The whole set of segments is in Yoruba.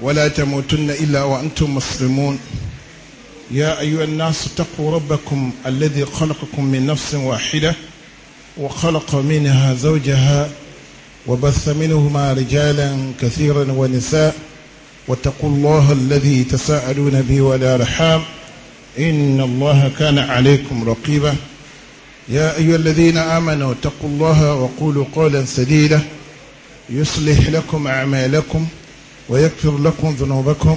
ولا تموتن إلا وأنتم مسلمون يا أيها الناس اتقوا ربكم الذي خلقكم من نفس واحدة وخلق منها زوجها وبث منهما رجالا كثيرا ونساء واتقوا الله الذي تساءلون به والأرحام إن الله كان عليكم رقيبا يا أيها الذين آمنوا اتقوا الله وقولوا قولا سديدا يصلح لكم أعمالكم ويكفر لكم ذنوبكم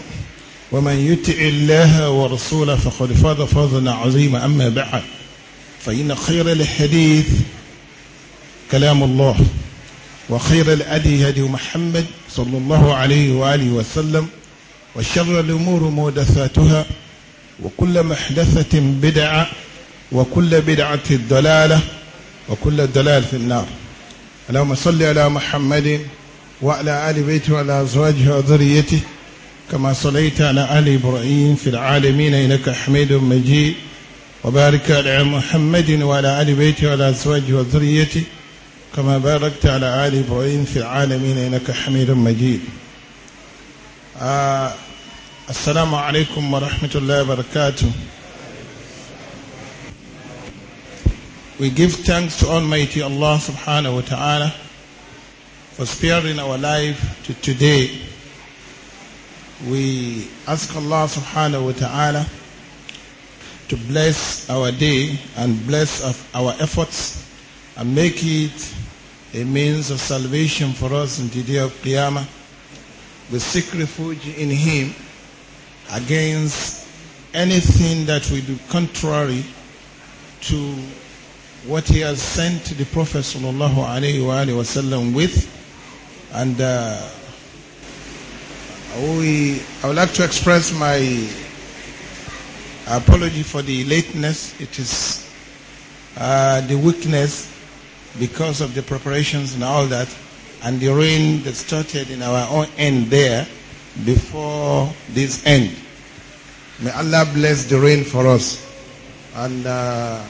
ومن يطع الله ورسوله فقد فاز فوزا عظيما أما بعد فإن خير الحديث كلام الله وخير الأدي هدي محمد صلى الله عليه وآله وسلم وشر الأمور محدثاتها وكل محدثة بدعة وكل بدعة ضلالة وكل الضلال في النار اللهم صل على محمد وعلى آل بيته وعلى أزواجه وذريته كما صليت على آل إبراهيم في العالمين إنك حميد مجيد وبارك على محمد وعلى آل بيته وعلى أزواجه وذريته كما باركت على آل إبراهيم في العالمين إنك حميد مجيد آه السلام عليكم ورحمة الله وبركاته We give thanks to Almighty Allah subhanahu wa ta'ala for sparing our life to today. We ask Allah subhanahu wa ta'ala to bless our day and bless our efforts and make it a means of salvation for us in the day of Qiyamah. We seek refuge in Him against anything that we be contrary to what He has sent the Prophet sallallahu alaihi wasallam with and uh, we, I would like to express my apology for the lateness. It is uh, the weakness because of the preparations and all that, and the rain that started in our own end there before this end. May Allah bless the rain for us and uh,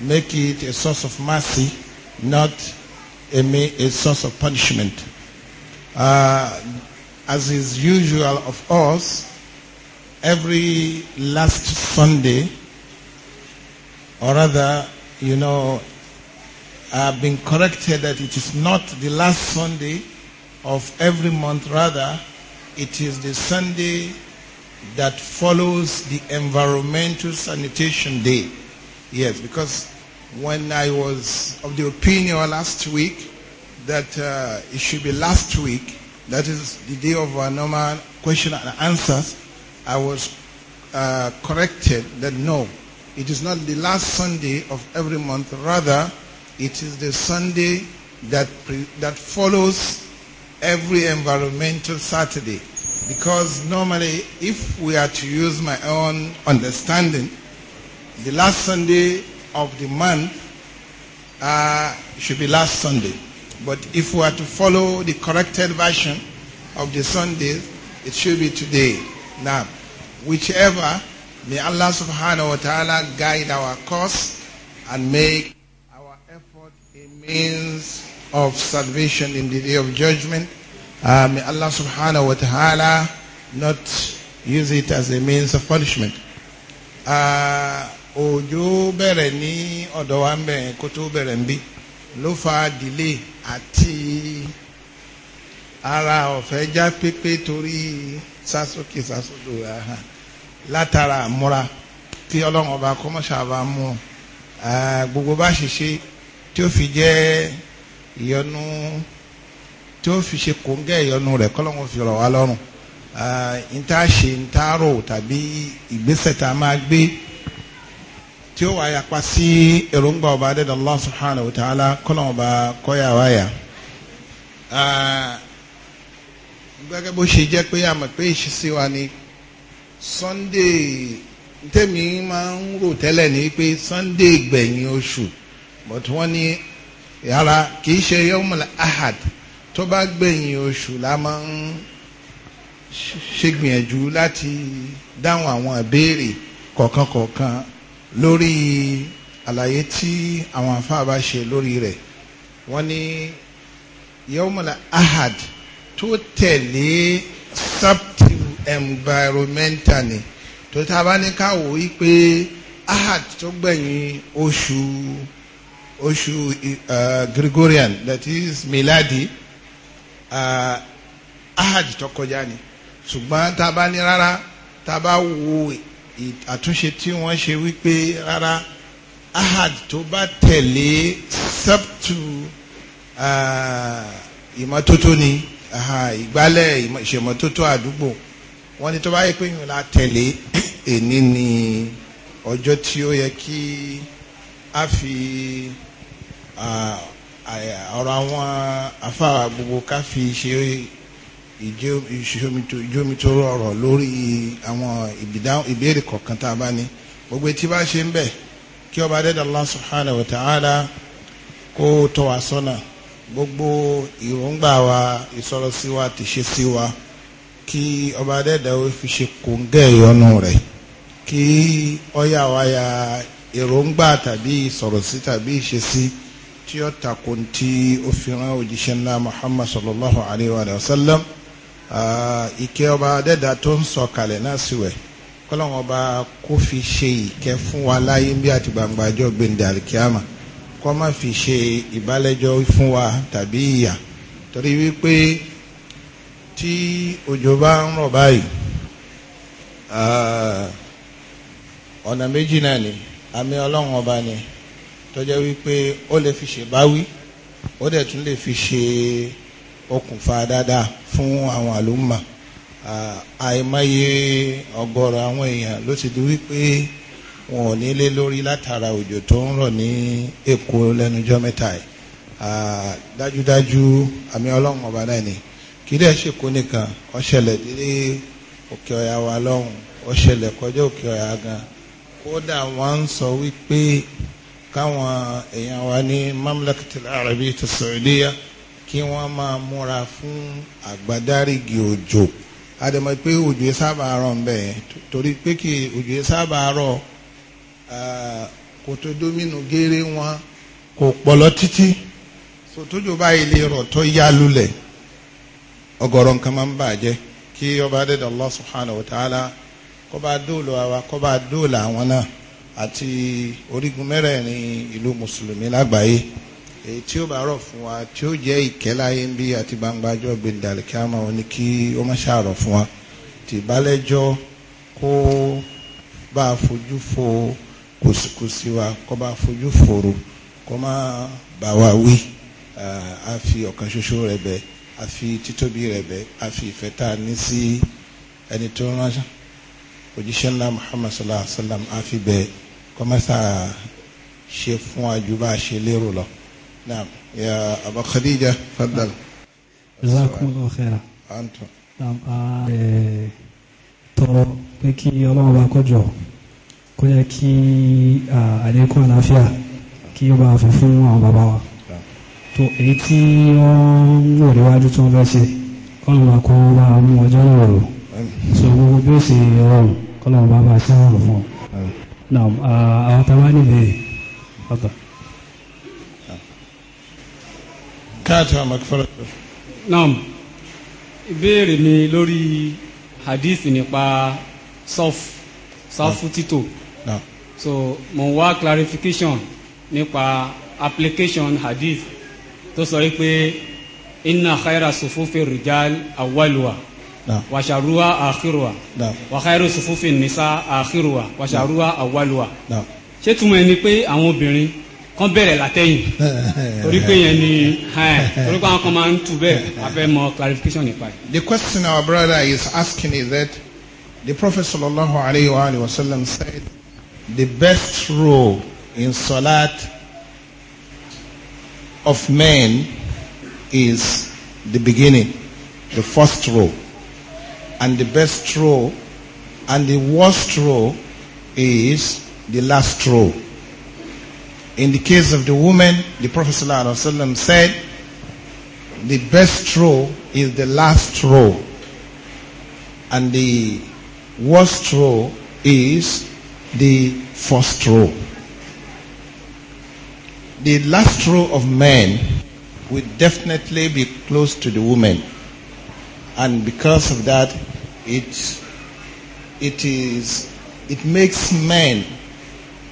make it a source of mercy, not a, a source of punishment. Uh, as is usual of us, every last Sunday, or rather, you know, I've been corrected that it is not the last Sunday of every month, rather, it is the Sunday that follows the Environmental Sanitation Day. Yes, because when I was of the opinion last week that uh, it should be last week, that is the day of our normal question and answers, I was uh, corrected that no, it is not the last Sunday of every month. Rather, it is the Sunday that, that follows every environmental Saturday. Because normally, if we are to use my own understanding, the last Sunday of the month uh, should be last Sunday. But if we are to follow the corrected version of the Sunday, it should be today. Now, whichever, may Allah subhanahu wa ta'ala guide our course and make our effort a means of salvation in the day of judgment. Uh, may Allah subhanahu wa ta'ala not use it as a means of punishment. Uh, òjò bẹ̀rẹ̀ ní ọ̀dọ̀ wa ń bẹ̀ kó tó bẹ̀rẹ̀ ń bí ló fa delay àti ara ọ̀fẹ́ já pépé torí sásókè sásódò látara àmúra tí ọlọ́run ọba kọ́mọ́ṣà bá mú gbogbo bá ṣe ṣe tí ó fi jẹ́ ìyọnu tí ó fi ṣe kóńgẹ́ ìyọnu rẹ̀ kọ́lọ́run fi rọ̀ wá lọ́rùn n ta ṣe n ta rò tàbí ìgbésẹ̀ tá a máa gbé tí ó wà yapa sí èròǹgbà ọba adẹ́dàá Allah subhanahu wa ta'ala kọ́nà ọba kọ́yà wáyà gẹ́gẹ́ bó ṣe jẹ́ pé àmọ̀ pé ìṣesí wa ni Sunday tèmi máa ń rò tẹ́lẹ̀ ní pé Sunday gbẹ̀yìn oṣù but wọ́n ní yàrá kì ṣe yomul ahad tó bá gbẹ̀yìn oṣù la máa ń ṣègbìyànjú láti dáhùn àwọn ìbéèrè kọ̀ọ̀kan kọ̀ọ̀kan lórí àlàyé tí àwọn àfáà bá ṣe lórí rẹ̀ wọ́n ní yawmul ahad tó tẹ̀lé sábtì environmental ni tó tá a bá ní ká wò ó pé ahad tó gbẹ̀yìn oṣù oṣù eh, Gregorian that is miladi eh, ahad tó kọjá ni ṣùgbọ́n tá a bá ní rárá tá a bá wo àtúnṣe tí wọ́n ṣe wípé rárá ahad tó bá tẹ̀lé sẹ́pùtù ìmọ́tótó ni ìgbálẹ̀ ìṣèmọ́tótó àdúgbò wọ́n ní tó bá yẹ pé yìnyín la tẹ̀lé èní ni ọjọ́ tí ó yẹ kí a fi ọ̀rọ̀ àwọn afárá gbogbo ká fi ṣe ìjómitoro ọ̀rọ̀ lórí àwọn ìbéèrè kọ̀ọ̀kan tá a bá ní gbogbo etí bá ṣe ń bẹ kí ọba dẹ́dà Allah subhanahu wa ta'ala kó tọ́ wa sọ́nà gbogbo ìròǹgbà wa ìsọ̀rọ̀ sí wa ti ṣe sí wa kí ọba dẹ́dà ó fi ṣe kòńgẹ́ ìyọnu rẹ̀ kí ọ̀yà wáyà èròǹgbà tàbí ìsọ̀rọ̀ sí tàbí ìṣe sí tí ó takò tí ó fi rán òjíṣẹ́ ńlá Muhammad sallallahu alayhi wa sallam ìkẹ́ ọba adẹ́dà tó ń sọ kalẹ̀ náà sí wẹ̀ kọ́lọ́wọ́n ọba kó fi ṣe ìkẹ́ fún wa láyé bí àti gbangbàjọ́ gbẹ̀ndẹ̀ àríkíámà kọ́ má fi ṣe ìbálẹ́jọ́ fún wa tàbí ìyà torí wípé tí òjò bá ń rọ̀ báyìí ọ̀nà méjì náà ni àmì ọlọ́run ọba ni tó wípé ó lè fi ṣe báwí ó dẹ̀ tún lè fi ṣe. Ṣe okùnfà dáadáa fún àwọn àlùmọ̀ àìmọye ọ̀gọ̀rọ̀ àwọn èèyàn ló ti di wípé wọn ò nílé lórí látara òjò tó ń rọ̀ ní Èkó lẹ́nujọ́ mẹ́ta yìí dájúdájú àmì Ọlọ́run ọba náà ni kì í dẹ̀ ṣèkó nìkan ó ṣẹlẹ̀ òkè ọ̀yà wa lọ́hùn ó kọjá òkè ọ̀yà gan kódà wọ́n ń sọ wípé káwọn èèyàn wa ní mamlakatil arabi ti kí wọ́n máa múra fún àgbàdárígi òjò àdèmọ̀ pé òjò sábà rọ̀ ń bẹ̀ torí pé kí òjò sábà rọ̀ ah, kò tó domínú géèrè wọn kò pọ̀lọ́ títí sòtójò báyìí lè rọ̀ tó yá lulẹ̀ ọ̀gọ̀rọ̀ nǹkan máa ń bàjẹ́ kí ọba adéda Allah subhanahu wa ta'ala dóòlù àwa kó dóòlù àwọn náà àti orígun mẹ́rẹ̀ẹ̀rin ìlú mùsùlùmí lágbàáyé èyí tí ó bá rọ̀ fún wa tí ó jẹ́ ìkẹ́láyé ń bí àti gbangbajọ́ gbendàlẹ̀ kí a máa wọn ni kí ó má ṣàrọ̀ fún wa tìbálẹ́jọ́ kó bá fojú fo kùsìkùsì wa kó bá fojú fòrò kó má bá wa wí a fi ọ̀kan ṣoṣo rẹ̀ bẹ̀ a fi títóbi rẹ̀ bẹ̀ a fi ìfẹ́ tá a ní sí ẹni tó ránṣẹ́ òjíṣẹ́ ńlá Muhammad sallallahu alaihi wa sallam a fi bẹ̀ kó má ṣàṣe fún wa ju bá a ṣe lérò lọ. نعم يا أبا خديجة تفضل جزاكم الله خيرا أنتم نعم tọrọ pé kí ọlọ́run bá kọjọ kó yẹ kí àlékún àlàáfíà kí ó bá fi fún àwọn bàbá wa tó èyí tí wọ́n ń wò níwájú tí wọ́n fẹ́ ṣe kọ́lọ́run bá kó bá mú ọjọ́ náà rò so gbogbo bí ó ṣe rọrùn kọ́lọ́run bá bá ṣe rọrùn fún ọ. àwọn táwa nílé ọ̀tọ̀. káàtà makfarata. naam ìbéèrè mi lórí hadith nípa sọf sọfù títò so mo ń wá clarification nípa application hadith tó sọ wípé inna khayra sufufi rijal awwaluwa washaruwa akhiruwa wa sufufi nisa akhiruwa washaruwa awwaluwa ṣé túmọ̀ ẹni pé àwọn obìnrin kán bẹ̀rẹ̀ látẹ̀yìn torí pé yẹn ni torí pé àwọn kan máa ń tu bẹ́ẹ̀ abẹ́ mọ clarification nípa rẹ̀. The question our brother is asking is that the Prophet sallallahu alayhi wa alayhi wa sallam said the best role in salat of men is the beginning, the first row, and the best row, and the worst row is the last row. In the case of the woman, the Prophet ﷺ said, the best row is the last row. And the worst row is the first row. The last row of men will definitely be close to the woman. And because of that, it, it, is, it makes men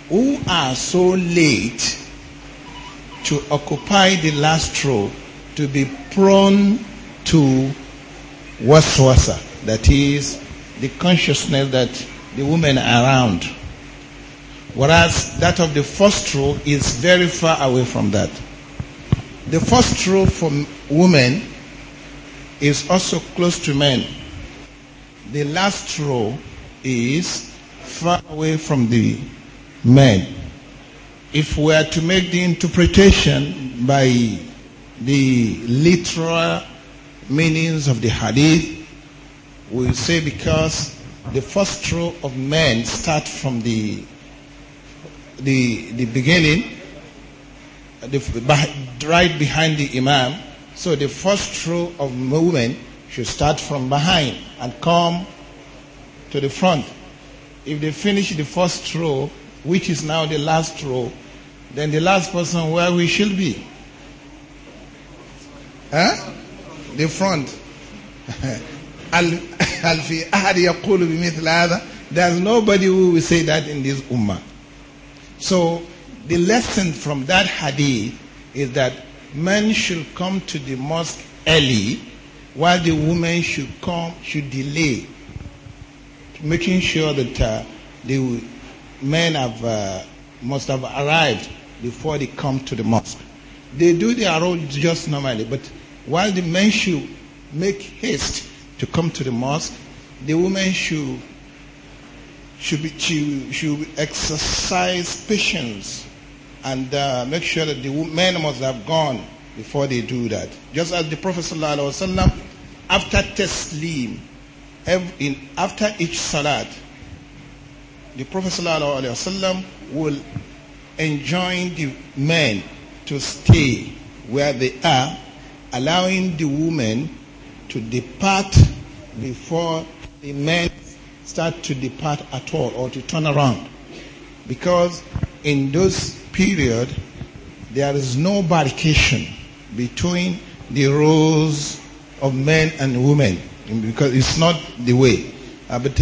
who are so late to occupy the last row to be prone to waswasa, that is, the consciousness that the women are around. Whereas that of the first row is very far away from that. The first row for women is also close to men. The last row is far away from the men. If we are to make the interpretation by the literal meanings of the hadith, we say because the first row of men start from the the the beginning, the, right behind the imam. So the first row of women should start from behind and come to the front. If they finish the first row, which is now the last row, then the last person where we should be. Huh? The front. There's nobody who will say that in this ummah. So the lesson from that hadith is that men should come to the mosque early while the women should come, should delay, making sure that uh, they will men have, uh, must have arrived before they come to the mosque. They do their role just normally, but while the men should make haste to come to the mosque, the women should, should, be, should, should exercise patience and uh, make sure that the men must have gone before they do that. Just as the Prophet ﷺ, after taslim, after each salat, the Prophet ﷺ will enjoin the men to stay where they are, allowing the women to depart before the men start to depart at all or to turn around. Because in those period, there is no barrication between the roles of men and women because it's not the way. Uh, but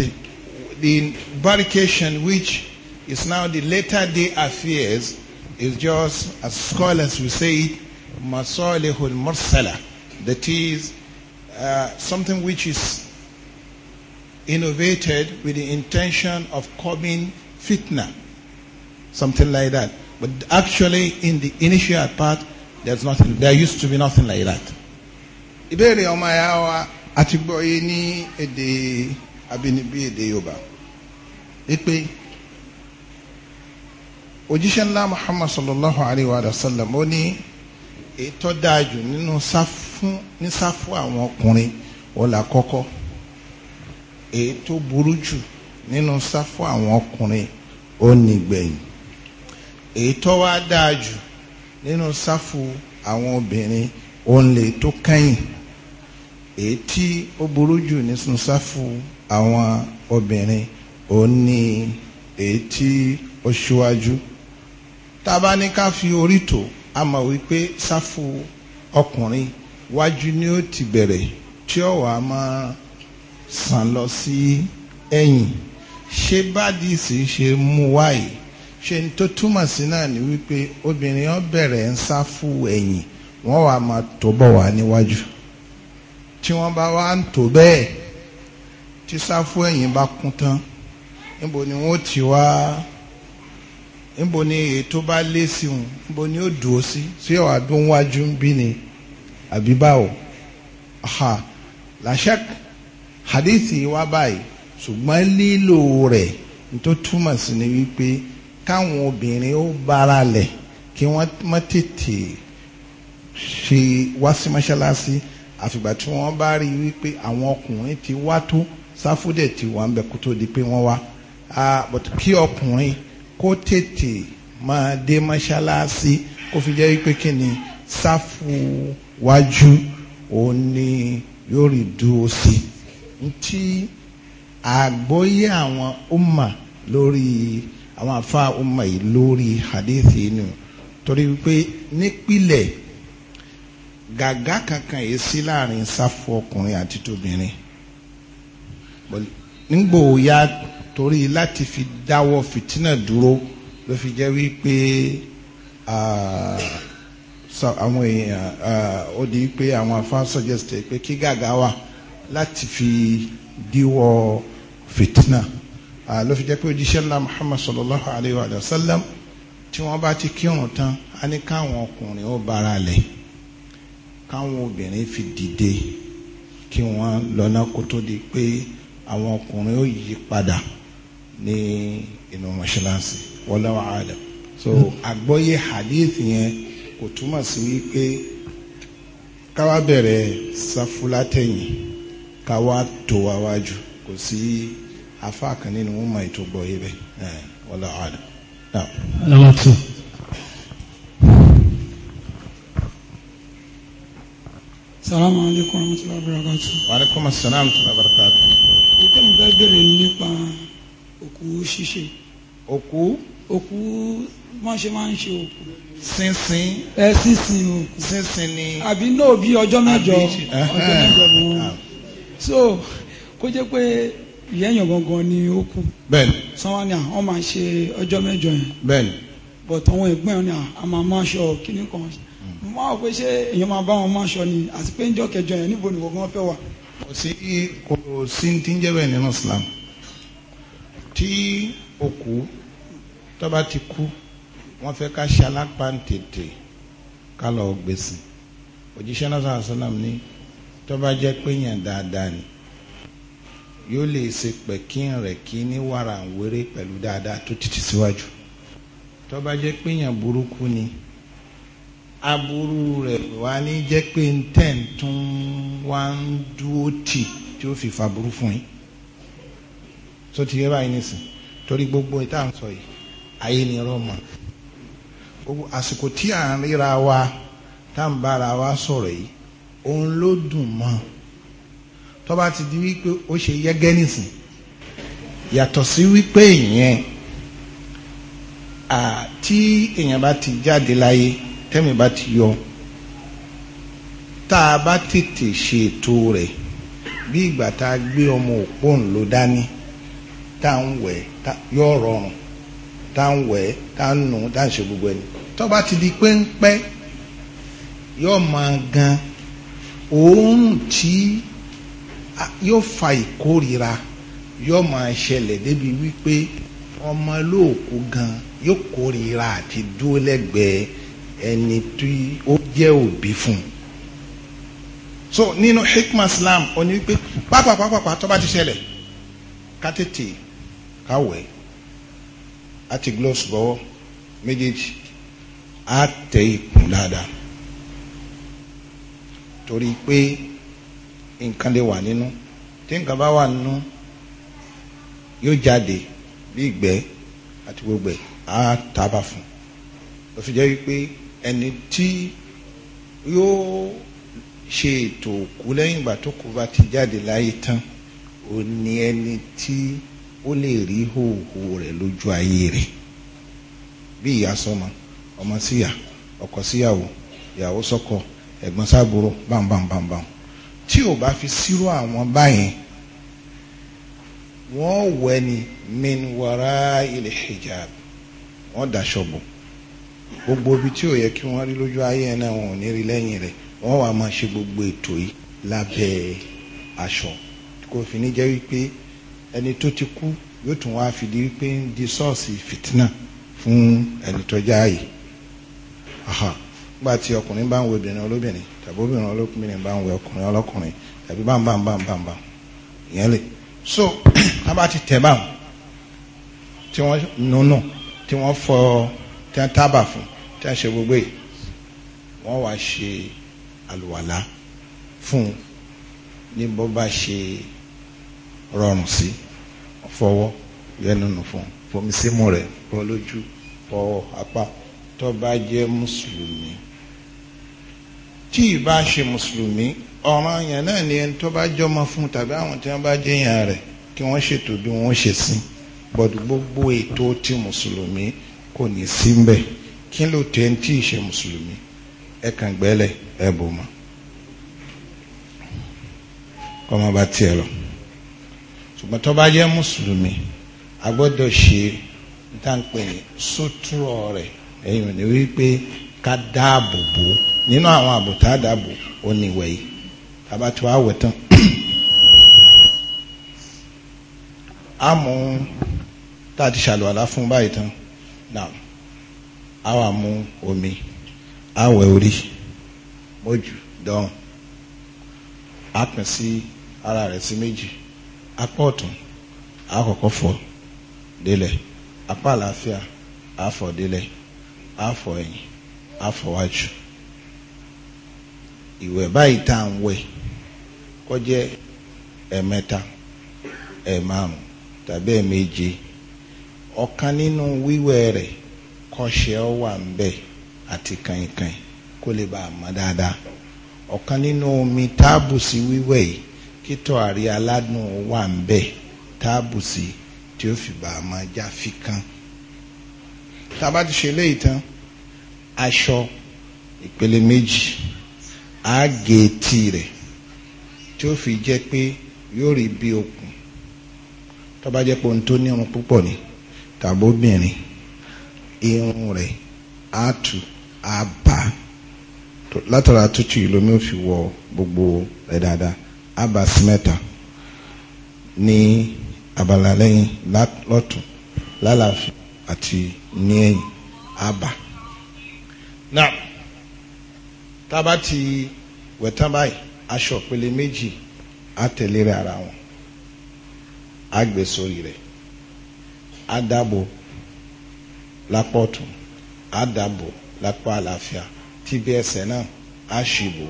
the barrication, which is now the later day affairs, is just, as scholars will say it, masalihul mursala. That is, uh, something which is innovated with the intention of coming fitna, something like that. But actually, in the initial part, there's nothing. There used to be nothing like that. ìbéèrè ọmọ ẹ̀yà wa àti gbọ́ yé ní èdè abínibí èdè yorùbá wípé òjíṣẹ́ ńlá muhammad sallallahu alayhi wa sallam ó ní ètò dáàjù nínú sáfún ní sáfún àwọn ọkùnrin ọ̀là kọ́kọ́ èyí tó burú jù nínú sáfún àwọn ọkùnrin ó nígbẹ̀yìn èyí tó wá dáa nínú sáfún àwọn obìnrin ó ń lè tó kẹ́yìn èyí tí ó burú jù nínú sáfún àwọn obìnrin òun ní èyí tí ó ṣíwájú tá a bá ní ká fi orí tó a mọ̀ wípé sáfù ọkùnrin wájú ni ó ti bẹ̀rẹ̀ tí ó wàá máa sàn lọ sí ẹ̀yìn ṣé bádìsì ṣe mú wáyé ṣe ní tó túmọ̀ sí náà ni wípé obìnrin ó bẹ̀rẹ̀ ń sáfù ẹ̀yìn wọ́n wàá máa tó bọ̀ wá níwájú tí wọ́n bá wá ń tó bẹ́ẹ̀ tí sáfù ẹ̀yìn bá kún tán níbo ni wọ́n ti wá níbo ni ètò bá lé sí wọn níbo ni ó dùn ó sí sí ọ̀wá dún wájú ń bí ni àbí báwo ha làṣẹk hadithi wa báyìí ṣùgbọ́n lílo rẹ̀ tó túmọ̀ sí ni wípé káwọn obìnrin ó bára lẹ̀ kí wọ́n má tètè ṣe wá sí mọ́ṣáláṣí àfìgbà tí wọ́n bá rí wípé àwọn ọkùnrin ti wá tó sáfù dẹ̀ ti wà ń bẹ kó tó di pé wọ́n wá kí ọkùnrin kó tètè máa dé mọ́ṣáláṣí kó fi jẹ́ pé kí ni sáfù wájú òun ni yóò rí dúró sí ntí àgbóyé àwọn umma lórí àwọn afa umma yìí lórí hadithi inú torí wípé nípìlẹ̀ gàgá kankan yìí sí láàrin sáfù ọkùnrin àti tóbìnrin nígbò ya torí láti fi dáwọ́ fìtínà dúró ló fi jẹ́ wípé àwọn èèyàn ó di pé àwọn afá suggest pé kí gàgà wà láti fi díwọ́ fìtínà ló fi jẹ́ pé òjíṣẹ́ ńlá Muhammad sallallahu alayhi wa sallam tí wọ́n bá ti kírun tán á ní káwọn ọkùnrin ó bára lẹ̀ káwọn obìnrin fi dìde kí wọ́n lọ́nà kó tó di pé àwọn ọkùnrin ó yí padà ní inú mọ́ṣáláṣí wallahu alam so àgbọ́yé hadith yẹn kò túmọ̀ sí wípé káwá bẹ̀rẹ̀ sáfúlátẹ̀yìn káwá tó wáwájú kò sí afá kan nínú wọn mọ ètò gbọ́ yé bẹ́ẹ̀ wallahu alam. Number two. Salamu alaikum warahmatullahi Wa alaikum assalam warahmatullahi tẹ́mi fẹ́ bèrè nípa òkú ṣíṣe. òkú. òkú wọ́n ṣe máa ń ṣe òkú. sínsìn. ẹ sínsìn òkú. sínsìn ni. àbí náà bí ọjọ́ mẹ́jọ ọjọ́ mẹ́jọ ni wọ́n. Ah. so kó jẹ́ pé ìyẹ́yàn gangan ni ó kú. bẹ́ẹ̀ni. sanwó ni àwọn máa ṣe ọjọ́ mẹ́jọ yẹn. bẹ́ẹ̀ni. bọ̀tọ̀ àwọn ẹ̀gbọ́n ni a máa máa ṣọ kíní kan. Hmm. mo máa wọ pé ṣé èèyàn máa bá wọn máa ṣọ ni àti pé ń jọ kẹjọ yẹn níbo ni wọ́n fẹ́ wà kò sí kò sí ti ń jẹ́ nínú Islam tí òkú tó bá ti kú wọ́n fẹ́ ká ṣalápá tètè ká lọ gbèsè òjíṣẹ́ náà sọ̀rọ̀ sọ́nà ní tó bá jẹ́ pé yàn dáadáa ni yóò lè ṣe pẹ̀kín rẹ̀ kí ní wàrà wéré pẹ̀lú dáadáa tó ti síwájú tó jẹ́ pé yàn burúkú ni aburú rẹ̀ wá ní jẹ́ pé ń tẹ̀ ń tún wá ń dúró tì tí ó fi fàbúrú fún yín tó ti yẹ báyìí nìsín torí gbogbo ìta ń sọ yìí ayé ni rọmọ gbogbo àsìkò tí à ń ríra wa tá à ń bára wa sọ̀rọ̀ yìí òun ló dùn mọ́ tó bá ti di wípé ó ṣe yẹ́gẹ́ nìsín yàtọ̀ sí wípé ìyẹn àti èèyàn bá ti jáde láyé tẹ́mi bá ti yọ tá a bá tètè ṣètò rẹ̀ bí ìgbà tá a gbé ọmọ òpó ńlò dání tá a ń wẹ̀ yọ rọrùn tá a ń wẹ̀ tá a ń nù tá a ń ṣe gbogbo ẹni tó bá ti di pẹ́ńpẹ́ yóò máa gan òórùn tí yóò fa ìkórira yóò máa ṣẹlẹ̀ débi wípé ọmọ olóòkú gan yóò kórira àti dúró lẹ́gbẹ̀ẹ́ ẹni tí ó jẹ́ òbí fún un so nínú hikma islam ó ní wípé pápápápá tó bá ti ṣẹlẹ̀ ká tètè ká wẹ̀ àti gloves bọ́wọ́ méjèèjì á tẹ ikùn dáadáa torí pé nǹkan lè wà nínú tí nǹkan bá wà nínú yóò jáde bí ìgbẹ́ àti gbogbo ẹ̀ á tábà fún un ló wípé ẹni tí yóò ṣe ètò òkú lẹ́yìn ìgbà tó kú bá ti jáde láyé tán ó ní ẹni tí ó lè rí hòhò rẹ̀ lójú ayé rẹ̀ bí ìyá sọmọ ọmọ síyà ọkọ síyàwó ìyàwó sọkọ ẹ̀gbọ́n sábúrò bámbámbámbám tí ò bá fi sírò àwọn báyẹn wọ́n wẹ̀ ni min wara ilẹ̀ hijab wọ́n daṣọ bò gbogbo ibi tí ò yẹ kí wọ́n rí lójú ayé náà wọn ò ní rí lẹ́yìn rẹ̀ wọ́n wàá máa ṣe gbogbo ètò yìí lábẹ́ aṣọ kò fi ní jẹ́ wípé ẹni tó ti kú yóò tún wáá fìdí wípé ń di sọ́ọ̀sì fìtínà fún ẹni tó jáàyè nígbà tí ọkùnrin bá ń wo obìnrin olóbìnrin tàbí obìnrin olóbìnrin bá ń wo ọkùnrin ọlọ́kùnrin tàbí bámbámbámbámbám ìyẹn lè so a bá ti tẹ̀ báwọn tí wọ́n nùnù tí wọ́n fọ́ ọ tí wọ́n tábà fún tí wọ́n ṣe gbogbo yìí wọ́n wá ṣe àlùwàlá fún ní bó bá ṣe rọrùn sí fọwọ́ yẹnunu fún fomi símú rẹ̀ fọ lójú fọ apá tó bá jẹ́ mùsùlùmí tí ì bá ṣe mùsùlùmí ọ̀ràn yẹn náà ni ẹni tó bá jọmọ fún tàbí àwọn tí wọ́n bá jẹ́ rẹ̀ kí wọ́n ṣètò bí wọ́n ṣe sìn gbọ́dọ̀ gbogbo ètò ti mùsùlùmí kò ní sí mbẹ kí ló tẹ́ ń tí ì ṣe mùsùlùmí ẹ kàn gbẹ́lẹ̀ ẹ bò mọ́ kọ́ máa bá tiẹ̀ lọ ṣùgbọ́n tó bá jẹ́ mùsùlùmí a gbọ́dọ̀ ṣe dáńpẹ́ sótúrọ̀ rẹ̀ ẹ̀yìn ní wípé ká dáàbò bò nínú àwọn àbùtá dáàbò ó ní ìwẹ̀ yìí tàbá tí tán á mú tá a ti ṣàlùwàlá fún báyìí tán. now a wà mu omi a wẹ̀ orí mójú dán a pín ara rẹ̀ si meji apá ọ̀tún a fọ̀ délẹ̀ apá àlàáfíà a délẹ̀ a ẹ̀yìn a wájú ìwẹ̀ báyìí tá à ń wẹ̀ kó ọ̀kan nínú wíwẹ̀ rẹ̀ kọ́ṣẹ́ ọ wà ń bẹ̀ àti kàìnkàìn kó lè bàa mọ́ dáadáa ọ̀kan nínú omi táàbù sí wíwẹ̀ yìí kítọ̀ àrí aládùn wà ń bẹ̀ táàbù sí tí ó fi bàa mọ́ já fi kan tá a bá ti ṣe léyìí tán aṣọ ìpele méjì á etí rẹ̀ tí ó fi jẹ́ pé yóò rí bí okùn tó bá jẹ́ pé ohun tó ní irun púpọ̀ ni tàbóbìnrin irun rẹ̀ àtù àbá látara tútù yìí lómi ò fi wọ gbogbo rẹ̀ dáadáa àbá sí mẹ́ta ní abala lẹ́yìn lọ́tún lálàáfíà àti ní ẹ̀yìn àbá. náà tába ti wẹ̀tán báyìí aṣọ ìpele méjì á tẹ̀lé ara wọn á gbé sórí rẹ̀. Adabo, lápá Adabo, àdàbò lápá àlàáfíà tíbi ẹsẹ̀ náà á ṣìbò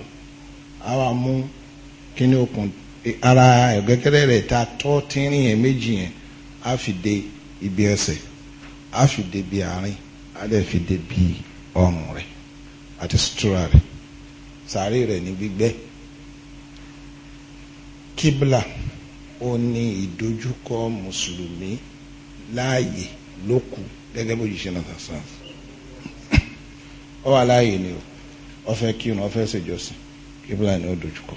á wà mú kíní okùn ara ẹ̀gẹ́gẹ́rẹ́ rẹ̀ ta tọ́ tínrín yẹn méjì yẹn á fi de ibi ẹsẹ̀ á fi de bi àárín á dẹ̀ fi de bi ọrùn rẹ̀ àti sutura rẹ̀ sàárè rẹ̀ ní gbígbẹ́ kíbla ó ní ìdojúkọ mùsùlùmí. láàyè ló kù gẹ́gẹ́ bó jíṣẹ́ náà sàn ọ wà láàyè ni o ọfẹ kírun ṣèjọsìn kíbla ni ó dojúkọ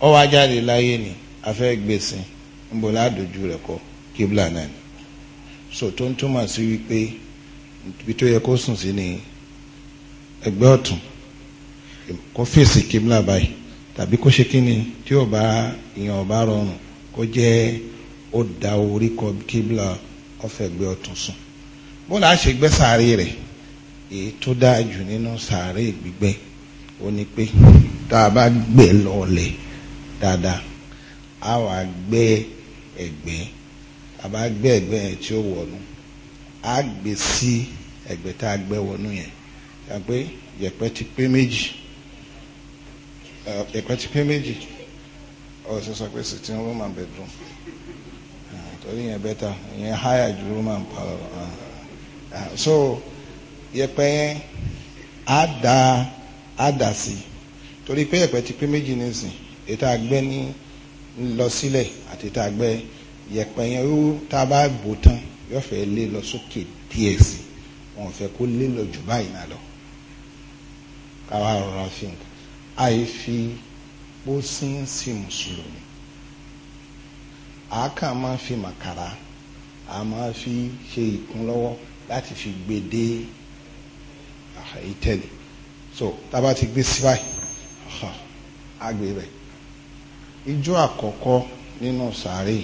ọ wá jáde láàyè ni afẹ gbèsìn ń bọ kọ kíbla náà ni so tó ń túmọ̀ sí wípé ibi tó yẹ kó sùn sí ni ẹgbẹ́ ọ̀tún kó fèsì kíbla báyìí tàbí kó ṣe kí ni tí ò bá ìyàn ó da orí kọ kíbla ọfẹgbẹ ọtún sùn bóòlù àṣegbẹ sàárè rẹ èyí tó dáa jù nínú sàárè gbígbẹ ó ní pé tá a bá gbẹ lọọlẹ dáadáa a wà gbẹ ẹgbẹ a bá gbẹ ẹgbẹ yẹn tí ó wọnú a gbé sí ẹgbẹ tá a gbẹ wọnú yẹn yàgbé yẹpẹ ti pé méjì yẹpẹ ti pé méjì ọ̀sẹ̀ sọ pé sitting room and bedroom torí yẹn bẹ́tà yẹn higher ju roman power ah, ah, so yẹpẹ yẹn á da á dà sí torí pé yẹpẹ ti pé méjì nísìn ètò àgbẹ̀ ní lọ sílẹ̀ àti ètò àgbẹ̀ yẹpẹ yẹn ó tá a bá bò tán yóò fẹ́ lé lọ sókè díẹ̀ sí wọn ò fẹ́ kó lé lọ jù báyìí náà lọ káwa rọra fi nǹkan àìfi pósí sí mùsùlùmí àákà máa ń fi màkàrà a máa fi ṣe ìkúnlọ́wọ́ láti fi gbé dé ìtẹ̀lé so tábà ti gbé sí báyìí àgbè rẹ̀ ijó àkọ́kọ́ nínú sàárè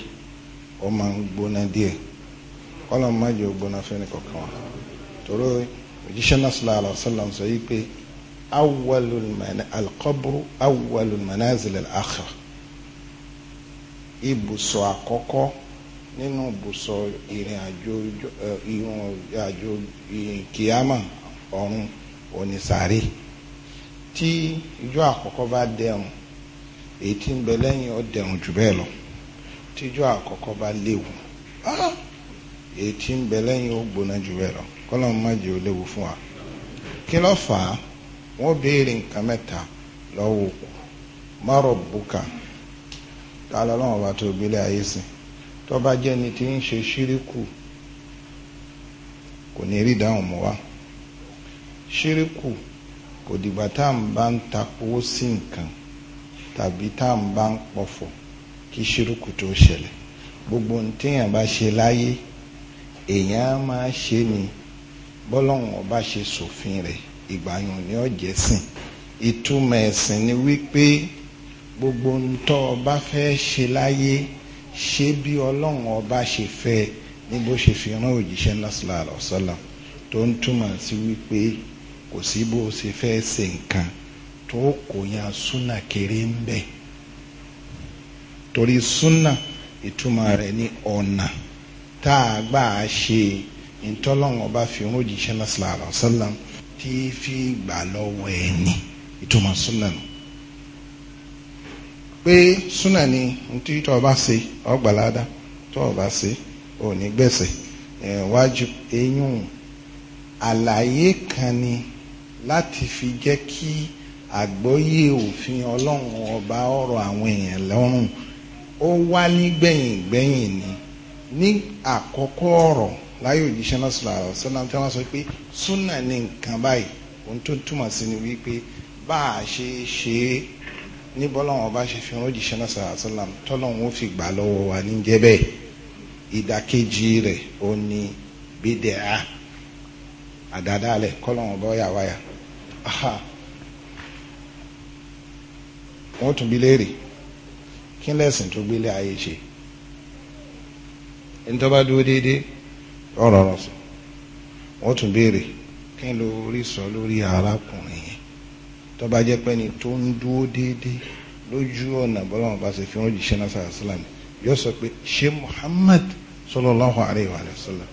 ó máa ń gbóná díẹ̀ kọ́lọ̀ má jẹ́ ògbóná fẹ́ni kankan wa tòró òjíṣẹ́ náà sallallahu alaihi wasallam sọ yìí pé awwalul alqabru awwalul manazil ibùsọ̀ àkọ́kọ́ nínú ibùsọ̀ ìrìn àjò ìrìn àjò kìámà ọ̀run onísàárè tí ijó àkọ́kọ́ bá dẹ̀rùn èyí tí ń bẹ lẹ́yìn ó dẹ̀rùn jù bẹ́ẹ̀ lọ tí ijó àkọ́kọ́ bá léwu ah! èyí tí ń bẹ lẹ́yìn ó gbóná jù bẹ́ẹ̀ lọ kọ́lọ́ má jẹ́ ó léwu fún wa kí ta lọ́lọ́wọ́n bá tó gbélé ayé sìn tó bá jẹ́ ni tí ń ṣe ṣíríkù kò ní rí ìdáhùn mọ́ wa ṣíríkù kò dìgbà tá à ń bá ń tapowó sí nǹkan tàbí tá à ń bá ń pọ̀fọ̀ kí ṣíríkù tó ṣẹlẹ̀ gbogbo ohun téèyàn bá ṣe láyé èèyàn á máa ṣe ni bọ́lọ́hún ọba ṣe sòfin rẹ̀ ìgbà yòó ni ó sìn ìtumọ̀ ẹ̀sìn ni wípé gbogbo ń tọ́ ọba fẹ́ ṣe láyé ṣe bí ọlọ́run ọba ṣe fẹ́ ní bó ṣe fi rán òjíṣẹ́ lọ́sọ̀lá àlọ́sọ́lá tó ń túmọ̀ sí wípé kò sí bó ṣe fẹ́ ṣe nǹkan tó kò yan súnà kéré ń bẹ̀ torí súnà ìtumọ̀ rẹ̀ ní ọ̀nà tá a gbà á ṣe ìtọ́lọ́run ọba fi rán òjíṣẹ́ lọ́sọ̀lá àlọ́sọ́lá tí fi gbà lọ́wọ́ ẹni ìtumọ̀ súnà nù pé súnà ni tí tọ́ ọ bá ṣe ọgbàládá tọ́ ọ bá ṣe ò ní gbẹ̀sẹ̀ wájú eyín àlàyé kan ni láti fi jẹ́ kí àgbọ́yé òfin ọlọ́run ọba ọ̀rọ̀ àwọn èèyàn lọ́rùn ó wá nígbẹ̀yìn gbẹ̀yìn ni ní àkọ́kọ́ ọ̀rọ̀ láyé òjíṣẹ́ náà sọ̀rọ̀ àrọ̀ sọ́nà tí wọ́n sọ pé súnà ní nǹkan báyìí ohun tó túmọ̀ sí ni wípé bá a ṣe ṣe é níbo làwọn ọba ṣe fi hàn òjíṣẹ́ náà sàrà sàlám tọ́lọ́hún ó fi gbà lọ́wọ́ wa ní jẹ́bẹ̀ ìdàkejì rẹ̀ ó ní bídẹ́à àdádálẹ̀ kọ́lọ́hún ọba ọ̀yà wáyà wọ́n tún bí léèrè kí lẹ́sìn tó gbélé ayé ṣe ntọ́ba dúró déédéé ọ̀rọ̀ ọ̀rọ̀ sọ wọ́n tún béèrè kí ló sọ lórí arákùnrin tó bá jẹ́ pé ni tó ń dúró déédéé lójú ọ̀nà bọ́lá wọn bá ṣe fi hàn jíṣẹ́ náà sàrà sílám yóò sọ pé ṣé Muhammad sallallahu alayhi wa sallam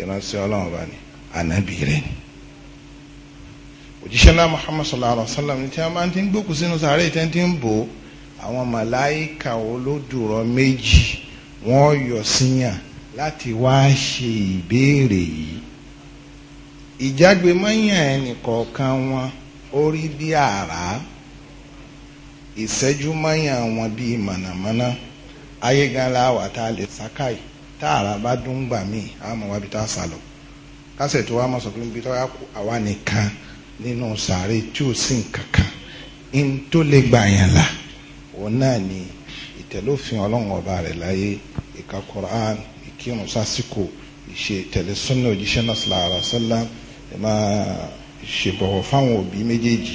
ìránṣẹ́ ọlọ́run bá ní ànábì rẹ̀ ni òjíṣẹ́ náà Muhammad sallallahu alayhi wa ni ní tí wọ́n máa ti ń gbókù sínú sàárè tí wọ́n ti ń bò ó àwọn màláìka olódùrọ méjì wọ́n yọ síyàn láti wá ṣe ìbéèrè yìí ìjágbe mọ́yàn ẹnì kọ̀ọ̀kan wọn orí bí àrá ìṣẹ́jú mọ́yìn àwọn bíi mọ̀nàmọ́ná ayé gan la wà tá a lè sákàì tá àrá bá dún gbà míì á mọ̀ wábi tá a sà lọ kásẹ̀ tó wá mọ̀ sọ pé níbi tó yà kú àwa nìkan nínú sàárè tí ò sí nǹkan kan n tó lè gbà yàn là òun náà ni ìtẹ̀lófin ọlọ́run ọba rẹ̀ láyé ìka Qur'an ìkírun sásìkò ìṣe ìtẹ̀lẹ́sọ́nà òjíṣẹ́ náà sallallahu alaihi wasallam ẹ̀ máa ṣèbọ̀wọ̀ fáwọn òbí méjèèjì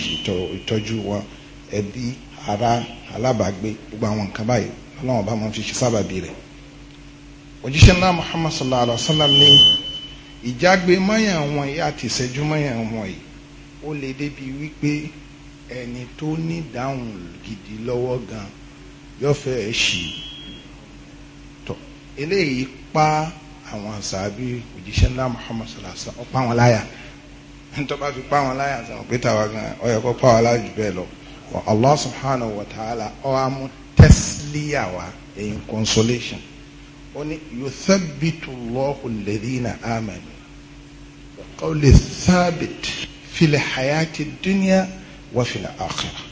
ìtọ́jú wọn ẹbí ará alábàágbé gbogbo àwọn nǹkan báyìí ọlọ́run bá máa fi ṣe sábàbí rẹ̀ òjíṣẹ́ náà muhammad sallallahu alaihi wa sallam ní ìjágbe mọ́yàn wọn yìí àti ìṣẹ́jú mọ́yàn wọn yìí ó lè débi wípé ẹni tó ní ìdáhùn gidi lọ́wọ́ gan yọ́fẹ́ ẹ̀ ṣì tọ̀ eléyìí pa àwọn àṣàbí òjíṣẹ́ náà muhammad sallallahu alaihi wa sallam ọ̀pá wọn láyà. tó bá fi pa wọn láyà sàn pé tàwa gan ọ yẹ kó pa wọn láyà jù bẹ́ẹ̀ lọ Allah subhanahu wa ta'ala ọ á mú tẹ́sílíyà wa in consolation ó ní yuthabbitu Allahu alladhina amanu qawli thabit fil hayati dunya wa fil akhirah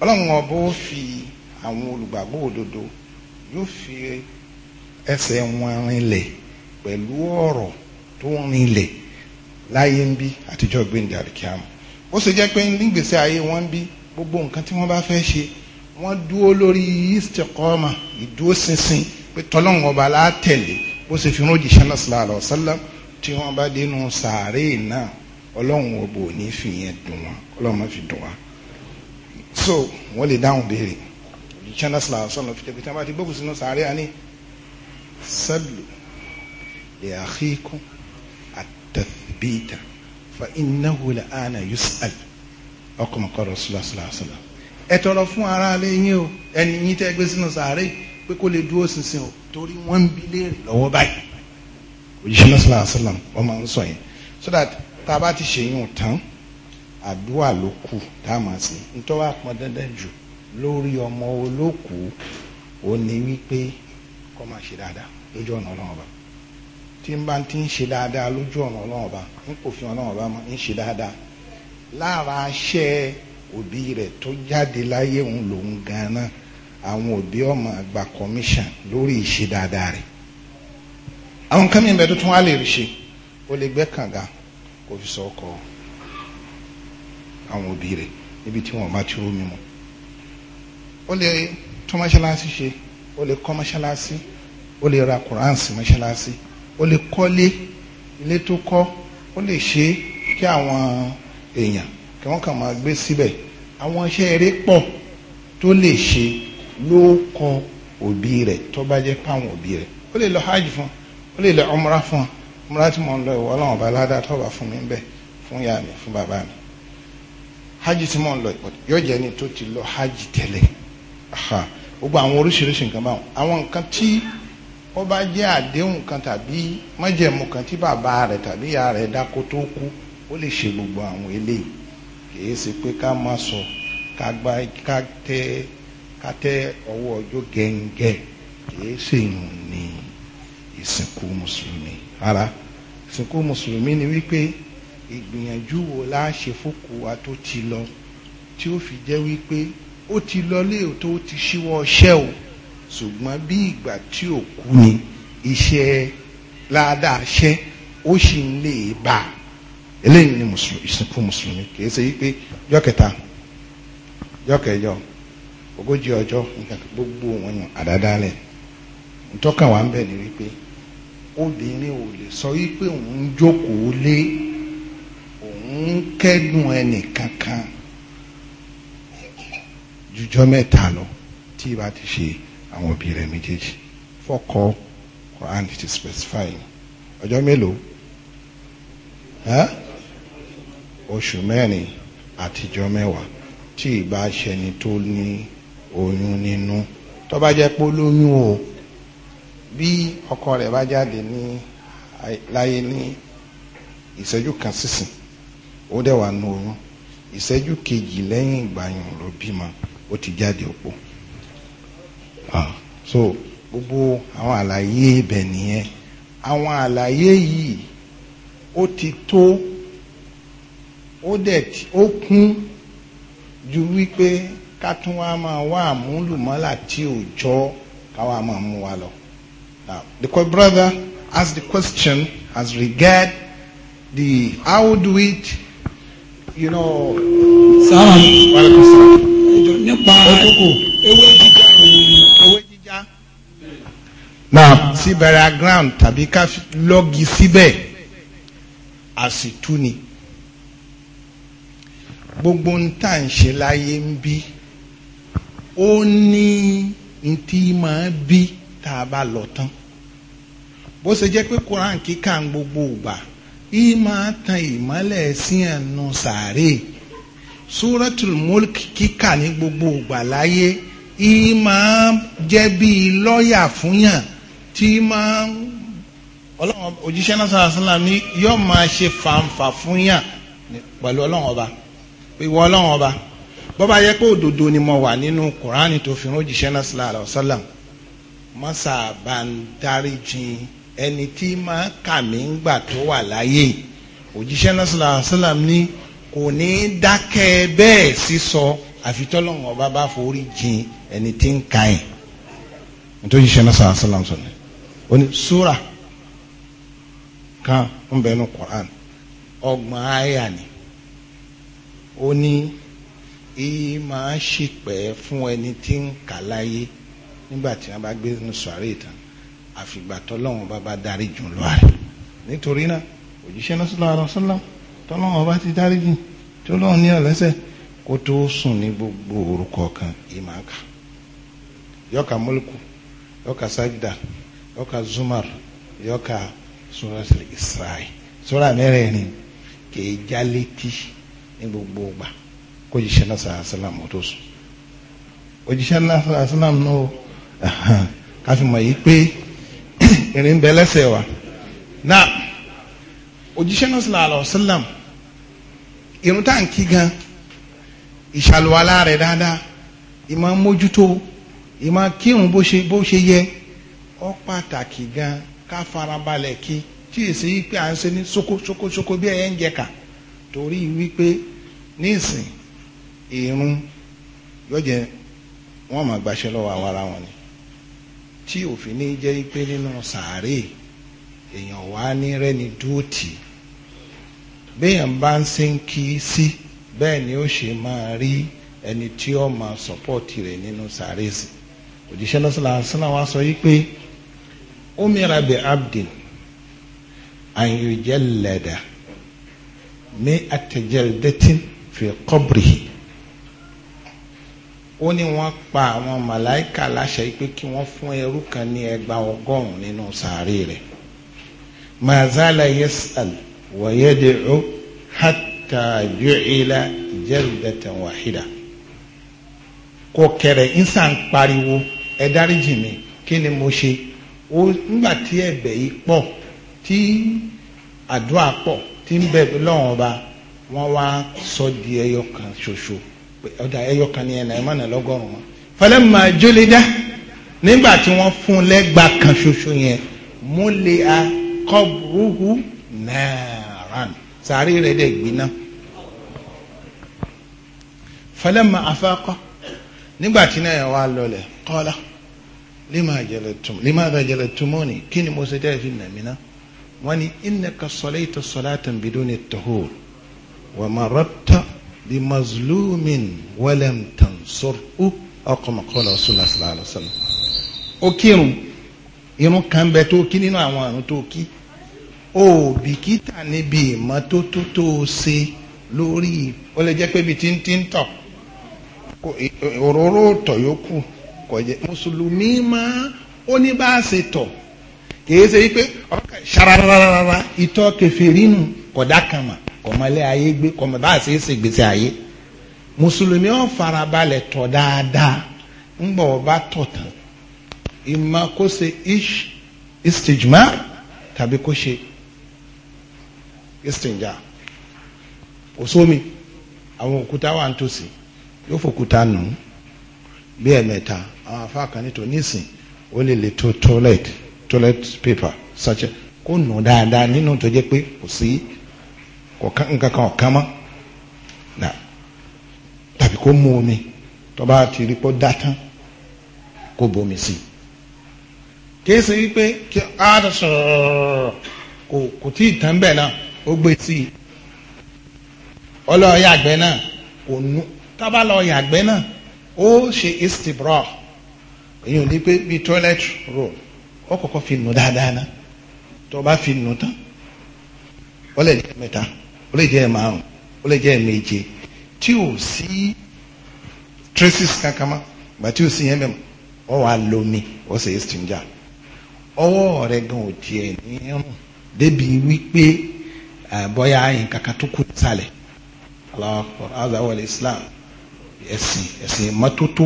ọlọ́run ọba ó fi àwọn olùgbàgbọ́ òdodo yóò fi ẹsẹ̀ wọn rinlẹ̀ pẹ̀lú ọ̀rọ̀ tó rinlẹ̀ láyé ń bí àtijọ́ gbẹ̀ǹdì àríkíámù ó ṣe jẹ́ pé nígbèsè ayé wọn ń bí gbogbo nǹkan tí wọ́n bá fẹ́ ṣe wọ́n dúró lórí istiqama ìdúró ṣinṣin pé tọ́lọ́run ọba látẹ̀lé bó ṣe fi rán òjìṣẹ́ náà sallallahu alaihi wasallam tí wọ́n bá dénú sàárè náà ọlọ́run ọba ò ní fi yẹn dùn wọn ọlọ́run má fi dùn wọn. so wọ́n lè dáhùn béèrè òjìṣẹ́ náà sallallahu alaihi wasallam fi tẹ̀pẹ́ tí wọ́n bá ti gbókùn sínú sàárè àní sallu li tathbita fa innahu la ana yus'al ọkùnrin kọ́ Rasulullah sallallahu alaihi wasallam ẹ tọrọ fún ara alẹ́ yín o ẹni yín tẹ́ gbé sínú sàárè pé kó lè dúró ṣinṣin o torí wọ́n ń bi léèrè báyìí òjíṣẹ́ náà sallallahu alaihi wasallam máa ń sọ yẹn so that tá a bá ti ṣe yín tán àdúrà ló kù tá a máa ṣe nítorí wàá pọn dandan jù lórí ọmọ olókùú ó ní wípé kó máa ṣe dáadáa lójú ọ̀nà ọlọ́run ọba tí n bá ti ń ṣe dáadáa lójú ọ̀nà ọlọ́run ọba n kò fi ọlọ́run ọba mọ́ ń ṣe dáadáa lára aṣẹ́ òbí rẹ̀ tó jáde láyé òun lòun gan-an àwọn òbí ọmọ àgbà commission lórí ìṣe dáadáa rẹ̀ àwọn kan mìíràn tó tún wá lè rí ṣe ó lè gbẹ́ kànga kó fi sọ àwọn òbí rẹ̀ níbi tí wọ́n bá ti rómi mu ó lè tún mọ́ṣáláṣí ṣe ó lè kọ́ mọ́ṣáláṣí ó lè ra kùránsì mọ́ṣáláṣí ó lè kọ́lé ilé tó kọ́ ó lè ṣe kí àwọn èèyàn kí wọ́n kàn máa gbé síbẹ̀ àwọn iṣẹ́ eré pọ̀ tó lè ṣe ló kọ òbí rẹ̀ tó bá jẹ́ páwọn òbí rẹ̀ ó lè lọ hajj fún ó lè lọ ọmọra fún ọmọra tí mo ń lọ ìwọ ọlọ́run bá ládàá tó bá fún mi bẹ́ẹ̀ fún ìyá mi fún bàbá mi hajj tí mo ń lọ yóò jẹ́ ni tó ti lọ hajj tẹ́lẹ̀ gbogbo àwọn oríṣiríṣi nǹkan báwọn àwọn nǹkan tí ó bá jẹ́ àdéhùn kan tàbí májẹ̀mú kan tí bàbá rẹ̀ tàbí ìyá rẹ̀ dákó tó kú ó lè ṣe gbogbo àwọn eléyìí kìí ṣe pé ká má sọ ká gbá ká tẹ ká tẹ ọwọ́ ọjọ́ gẹ́ngẹ́ kìí ṣe ìhùn ní ìsìnkú mùsùlùmí rárá ìsìnkú mùsùlùmí ni wípé ìgbìyànjú wo la ṣe fókù wa tó ti lọ tí ó fi jẹ́ wípé ó ti lọ léètò ó ti ṣíwọ́ ọṣẹ́ o ṣùgbọ́n bí ìgbà tí ò kú ni iṣẹ́ ládàá ṣẹ́ ó sì ń lè bá a eléyìí ni ìsìnkú mùsùlùmí kìí ṣe wípé jọ́ kẹta jọ́ kẹjọ ogójì ọjọ́ nǹkan gbogbo wọn yàn àdádálẹ̀ ntọ́kàn wà ń bẹ̀ ni wípé obìnrin ò lè sọ wípé òun jókòó lé òun kẹ́dùn ẹnì kankan jùjọ́ mẹ́ta lọ tí ìbá ti ṣe àwọn òbí rẹ̀ méjèèjì fọ́kọ Quran ti specify ọjọ́ mélòó oṣù mẹ́rin àtijọ́ mẹ́wàá tí ìbá ṣẹni tó ní oyún nínú tó bá jẹ́ pé lóyún o bí ọkọ rẹ̀ bá jáde ní láyé ní ìṣẹ́jú kan sísìn ó dẹ̀ nù oyún ìṣẹ́jú kejì lẹ́yìn ìgbàyàn ló bímọ ó ti jáde òpó. Ah, so gbogbo àwọn àlàyé ibẹ̀ nìyẹn àwọn àlàyé yìí ó ti tó ó dẹ̀ tí ó kún ju wípé ká tún wá máa wá àmúlùmọ́là tí ò jọ ká wá máa mú wa lọ. Now, the brother ask the question as regard the how do it you know. sáà wàlúùsàn. nípa ewé na sí burial ground tàbí ká lọ́ọ̀gì síbẹ̀ àsìtú ni gbogbo ń tà ń ṣe láyé ń bí ó ní n tí máa bí tá a bá lọ tán bó ṣe jẹ́ pé Quran kíkà ń gbogbo ìgbà yìí máa tan ìmọ́lẹ̀ sí ẹnu sàárè Suratul Mulk kíkà ní gbogbo ìgbà láyé yìí máa jẹ́ bíi lọ́ọ̀yà fúnyàn tí máa ń ọlọ́run òjíṣẹ́ náà sọ̀rọ̀ sọ́nà ní yóò máa ṣe fàǹfà fún yàn pẹ̀lú ọlọ́run ọba ìwọ ọlọ́run ọba bọ́ba yẹ pé òdodo ni mo wà nínú kùránì tó fi hàn òjíṣẹ́ náà sọ̀rọ̀ sọ́nà má sábà ń dáríjìn ẹni tí máa kà mí ń gbà tó wà láyé òjíṣẹ́ náà sọ̀rọ̀ sọ́nà ní kò ní dákẹ́ bẹ́ẹ̀ sísọ àfitọ́lọ́run ọba bá forí jìn ẹni tí ń ka ẹ̀ nítorí òjíṣẹ́ náà sọ̀rọ̀ sọ́nà oní sura kan ń bẹ nínú Quran ọgbọ̀n àyà ni ó ní ìyí fún ẹni tí ń kà láyé nígbà tí bá gbé nínú sàárè tán àfìgbà tọ́lọ́wọ́n bá bá darí jù lọ rẹ̀ nítorí náà òjíṣẹ́ náà ti darí jù tọ́lọ́wọ́n ní ọ̀lẹ́sẹ̀ kó tó sùn ní gbogbo orúkọ kan yọkà mọ́lùkù yọkà yóò zumar yóò ka suratul isra'i sura mẹ́rẹ̀ẹ̀rin kìí já létí ní gbogbo ìgbà kó jíṣẹ́ náà sàrà sàlámù tó sùn òjíṣẹ́ náà sàrà sàlámù náà ká fi mọ̀ yìí pé ìrìn bẹ lẹ́sẹ̀ wa náà òjíṣẹ́ náà sàrà àlọ́ sàlámù irun tá à ń kí gan ìṣàlùwalá rẹ̀ dáadáa ìmọ̀ mójútó ìmọ̀ kírun bó ṣe yẹ ọ pàtàkì gan ká farabalẹ̀ kí tí èsì yìí pé à ń ṣe ní ṣokoṣokoṣoko bí ẹ̀yẹ́ ń jẹ kà torí wípé nísìn ìrun yọjẹ wọn máa gbaṣẹ́ lọ́wọ́ àwọn ara wọn ni tí òfin ní jẹ́ pé nínú sàárè èèyàn wá ní dúótì béèyàn bá ń wa sọ yí umira bi abdin an yujallada mi'ata jaldatin fi qabrihi ó ní wọ́n pa àwọn màláìka láṣẹ pé kí wọ́n fún ẹrú kan ní ẹgbàá ọgọ́rùn-ún nínú sàárè rẹ̀ mazala yas'al wa yad'u hatta ju'ila jaldatan wahida kò kẹrẹ ń sàn pariwo ẹ dáríjì mi kí ni mo ṣe ó nígbà tí ẹ̀bẹ̀ yìí pọ̀ tí àdúrà pọ̀ tí ń bẹ lọ́wọ́n ọba wọ́n wá sọ di ẹyọ kan ṣoṣo ọ̀dà ẹyọ kan ní ẹ̀ náà ẹ̀ má nà lọ́gọ́rùn-ún wọn. falamma julida nígbà tí wọ́n fún lẹ́gba kan ṣoṣo yẹn mulia qabruhu naran sàárè rẹ̀ dẹ̀ gbiná. falamma afaqa nígbà tí náà yẹn wá lọlẹ̀ qala lima jalatum limadha jalatumuni kí ni mo ṣe tẹ́ fi nà mí ná wọ́n ní innaka salayta salatan biduni tahur wa marabta bi mazlumin walam tansurhu ọkọ̀mọ̀ kọ́lá ọ̀ṣunà sàlàlá sàlà. ó kírun irun kan bẹ tó kí nínú àwọn àrùn tó kí ó bìkítà níbi ìmọ́tótó tó ṣe lórí ó lè jẹ́ pé bíi tí ń tí ń tọ̀ òróró tọ̀ yókù kọjẹ mùsùlùmí máa ó tọ kìí ṣe wípé ọkà ṣarararara ìtọ̀ kẹfẹ́rínù ayé gbé kọ̀mọ́ bá ayé mùsùlùmí ó farabalẹ̀ tọ̀ dáadáa ńgbọ̀ bá tọ̀ tán ìmọ̀ kó ṣe ish istijma tàbí kó ṣe istinja kò bí ẹ̀mẹ́ta àwọn afá kan nítorí nísìn ó lè lè to toilet paper sachet kó nù dáadáa nínú tó jẹ́ pé kò sí nǹkan kan ọ̀kan mọ́ nà tàbí kó mú omi tó bá ti rí pọ́ dátán kó bomi sí i kìí ṣe wípé kí á sọ̀rọ̀ kò tí ì tán bẹ́ẹ̀ náà ó gbé sí i náà kò ó ṣe istibra èyí ò ní pé bíi toilet roll ó kọ́kọ́ fi nù dáadáa ná tó o bá fi nù tán ó lè jẹ́ mẹ́ta ó lè jẹ́ márùn ó lè jẹ́ méje tí ò sí traces kankan mọ́ gbà tí ò sí yẹn mẹ́mọ́ ó wà lómi ó ṣe istinja ọwọ́ rẹ̀ gan ò tiẹ̀ ní rùn débi wípé bọ́yá Islam. ẹ̀sìn ẹ̀sìn mọ́tótó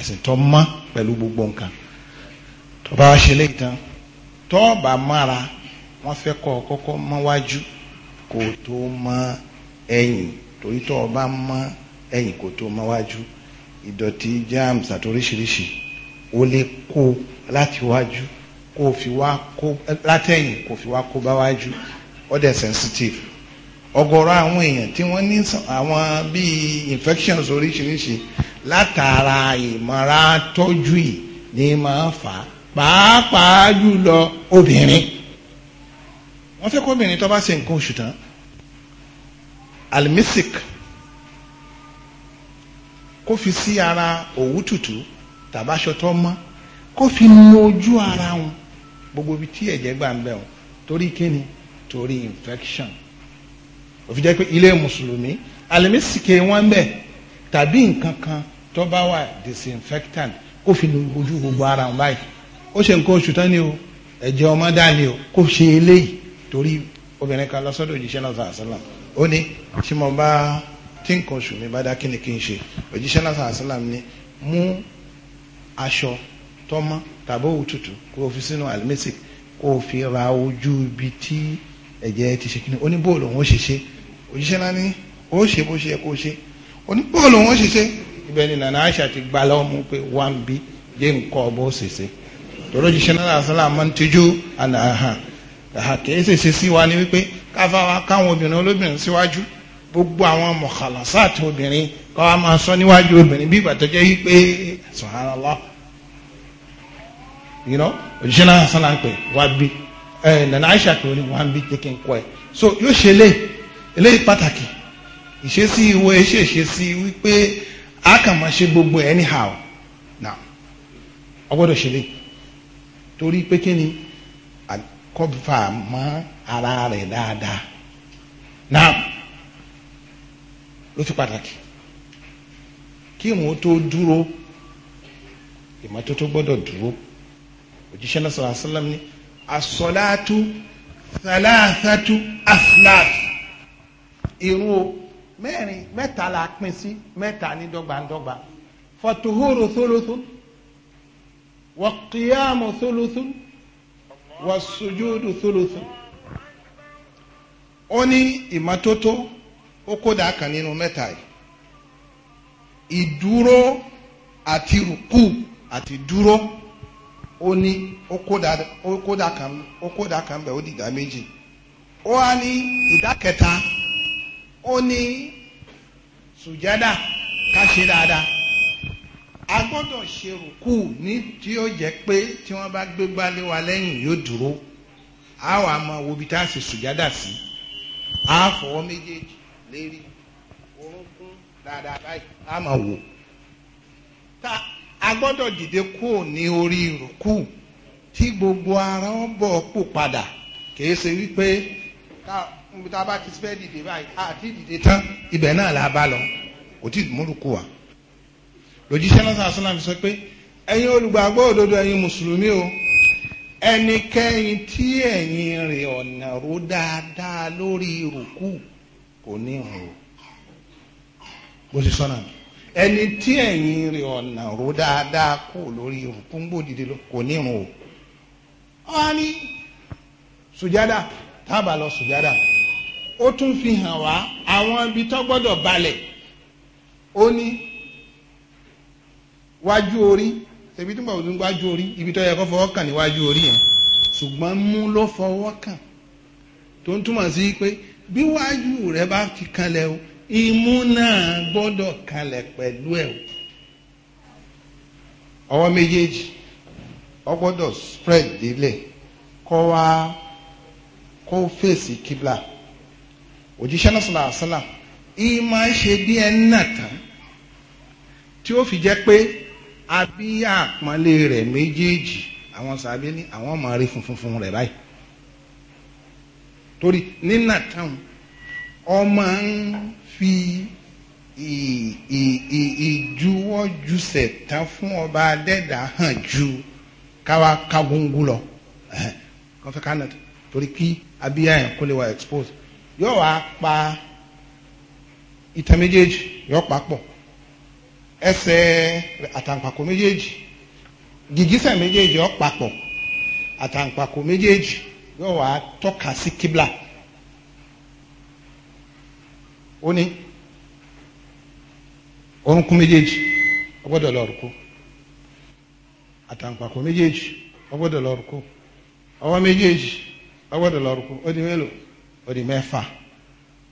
ẹ̀sìn tó mọ́ pẹ̀lú gbogbo nǹkan tó bá ṣe léyìí tán tó bá mára wọ́n fẹ́ kọ́ kọ́kọ́ mọ́ wájú kó tó mọ́ ẹ̀yìn torí tó bá mọ́ ẹ̀yìn kó tó mọ́ wájú ìdọ̀tí germs àti oríṣiríṣi ó lè kó láti wájú kó fi wá kó látẹ̀yìn kó fi wá kó bá wájú ó dẹ̀ sensitive ọ̀gọ̀rọ̀ àwọn èèyàn tí wọ́n ní àwọn bíi infections oríṣiríṣi látara ìmọ̀ra tọ́jú yìí ni máa fà á pàápàá jùlọ obìnrin wọ́n fẹ́ kóbìnrin tó bá ṣe nǹkan oṣù tán almisik kó fi sí ara òwú tútù tàbáṣọ tó mọ́ kó fi nu ojú ara wọn gbogbo ibi tí ẹ̀jẹ̀ gbà ń bẹ̀ wọn torí kíni torí infection òfin jẹ́ pé ilé mùsùlùmí àlẹ́mísìkè wọn bẹ̀ tàbí nǹkan kan tó bá wà disinfectant kó fi nu ojú gbogbo ara wọn báyìí ó ṣe nǹkan oṣù tán ni o ẹ̀jẹ̀ ọmọ dá ni o kó ṣe eléyìí torí obìnrin kan lọ òjíṣẹ́ náà sàásàlám ó ní tí mo bá tí nǹkan oṣù mi bá dá kí ni kí n ṣe òjíṣẹ́ náà sàásàlám ni mú aṣọ tọ́mọ tàbí òwú tútù kó fi sínú àlẹ́mísìkè kó fi ra ojú ibi tí ẹ̀jẹ̀ ti ṣe kí ni oníbòòlù òun ó ṣe ṣe òjíṣẹ́ náà ní ó ṣe bó ṣe yẹ kó ṣe oní bọ́ọ̀lù wọn ṣiṣẹ́ ibẹ̀ ni nana aisha ti gba lọ́wọ́ mú pé wá ń bí jẹ́ nǹkan bó ṣiṣẹ́ tòró òjíṣẹ́ náà sọ́lá máa ń tijú àná àhàn àkèé ṣèṣe sí wa ni wípé káfáwa káwọn obìnrin olóbìnrin síwájú gbogbo àwọn mọ̀kàlásá àti obìnrin kọ́ wa máa sọ níwájú obìnrin bí ìgbà jẹ́ wípé subhanallah you know òjíṣẹ́ náà sọ́lá ń pè wá bí ẹ̀ nana aisha pé ó ní bí jẹ́ kí n kọ́ ẹ̀ so yóò ṣe léè eléyìí pàtàkì ìṣesí ìwọ ẹṣẹ ìṣesí wípé a kàn máa ṣe gbogbo anyhow now ọgbọ́dọ̀ ṣẹlẹ̀ torí pé kí ni àkọ́fà mọ́ ara rẹ̀ dáadáa now ló fi pàtàkì kí ìwọ̀n tó dúró ìmọ́tótó gbọ́dọ̀ dúró òjíṣẹ́ náà sọ̀rọ̀ àṣálàm ní asọ́láàtú sàlááfàtú irun o mẹ́rin la pín sí mẹ́ta ní dọ́gbandọ́gba fọtuhuru thuluthun wọkiyamu thuluthun wọsujudu thuluthun ó ní ìmọ́tótó ó kódà kan nínú mẹ́ta yìí ìdúró àti rùkú àti dúró ó ní ó kódà kan bẹ̀ ó ó ní sùjádà ká ṣe dáadáa a gbọ́dọ̀ ṣe rùkú ní tí ó jẹ́ pé tí wọ́n bá gbé gbálé wa lẹ́yìn yóò dúró a wà máa wo ibi tá a ṣe sùjádà sí a fọwọ́ méjèèjì lérí orúnkún dáadáa báyìí a máa wò tá a gbọ́dọ̀ dìde kúrò ní orí rùkú tí gbogbo ara ó bọ̀ pò padà kì í ṣe wípé tá níbi tá a bá ti fẹ́ dìde báyìí àti dìde tán ibẹ̀ náà là á bá lọ kò tí ì múlùkù wa lójíṣẹ́ náà sàásùn náà fi sọ pé ẹ̀yin olùgbàgbọ́ òdodo ẹ̀yin mùsùlùmí o ẹnikẹ́yin tí ẹ̀yin rìn ọ̀nà ró dáadáa lórí rùkù kò ní ìrùn bó ṣe sọ́nà ẹni tí ẹ̀yin rìn ọ̀nà ró dáadáa kò lórí rùkù ń gbòdìdì kò ní ìrùn o. wọ́n á ní sùjádà tábà lọ sùjádà ó tún fi hàn wá àwọn ibi tó gbọ́dọ̀ balẹ̀ ó ní wájú orí ṣebí tí mo bá wájú orí ibi tó yẹ kó fọwọ́ kàn níwájú orí yẹn ṣùgbọ́n mú ló fọwọ́ kàn tó ń túmọ̀ sí pé bí wájú rẹ bá ti kanlẹ̀ o imú náà gbọ́dọ̀ kanlẹ̀ pẹ̀lú ẹ̀ o ọwọ́ méjèèjì ó gbọ́dọ̀ spread délẹ̀ kó wá kó fèsì kíbla òjíṣẹ́ náà sọ̀rọ̀ àṣàlà ìyí máa ń ṣe bí ẹni náà tán tí ó fi jẹ́ pé abí àpọ́nlé rẹ̀ méjèèjì àwọn sàbí ní àwọn máa rí funfun fún rẹ̀ báyìí torí nínà táwọn ọmọ ń fi ìjuwọ́jusẹ̀ tán fún ọba adẹ́dà hàn ju káwa kágungu lọ kọfẹ́ kánà torí kí abíyá yẹn kó lè wá expose yóò wá pa ìtàn méjèèjì yóò papọ̀ ẹsẹ̀ àtàǹpàkò méjèèjì gìgísẹ̀ méjèèjì yóò papọ̀ àtàǹpàkò méjèèjì yóò wá tọ́ka sí kíblà ó ní orúnkún méjèèjì ó gbọ́dọ̀ lọ rúkú àtàǹpàkò méjèèjì ó lọ rúkú ọwọ́ méjèèjì ó lọ rúkú ó di mélòó. ó di mẹ́fà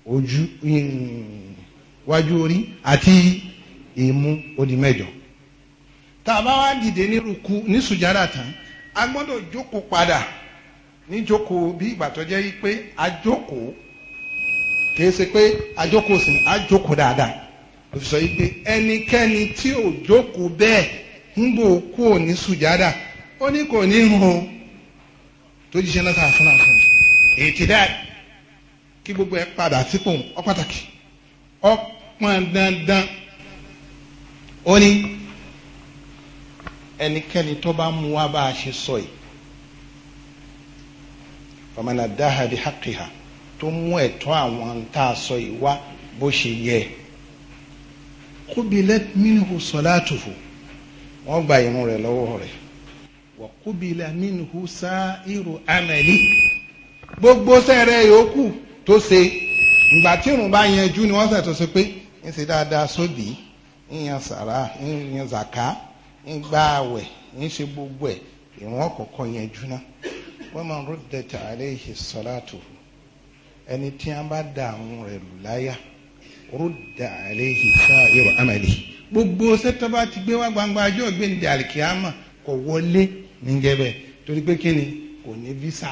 ojú wájú orí àti ìmú ó di mẹ́jọ tá a bá wá dìde ní ní sùjádà tán a gbọ́dọ̀ jókòó padà ní bí ìgbà tó jẹ́ pé a jókòó kìí ṣe pé a jókòó sí a jókòó dáadáa ó fi sọ yìí pé ẹnikẹ́ni tí ò jókòó bẹ́ẹ̀ kí gbogbo ẹ padà sípò ọ pàtàkì ọ pọn dandan ó ní ẹnikẹ́ni tó bá mú wá bá a ṣe sọ yìí famana dahadi hakiha tó mú ẹ̀tọ́ àwọn tá a sọ yìí wá bó ṣe yẹ kubilat minhu salatuhu wọ́n gba irun rẹ̀ lọ́wọ́ rẹ̀ wa kubila minhu sa'iru amali gbogbo sẹ́rẹ̀ yòókù tó ṣe ìgbà tí irun bá yanjú ni wọ́n ṣètò sí pé ń ṣe dáadáa sódì ń yan sàrà ń yan zàká ń gba àwẹ̀ ń ṣe gbogbo ẹ̀ ìwọ̀n ọ̀kọ̀ọ̀kọ̀ yanjú náà wọ́n máa ń rò dẹ̀tà àlẹ́ ìṣẹ̀sọ́látò ẹni tí a bá da àwọn rẹ̀ lù láyà rúdà àléhì sáàrò amàlè gbogbo sẹtọba ti gbé wá gbangba ajọ gbẹndẹ àlìkíyàmà kò wọlé níjẹbẹ torí pé kíni kò ní visa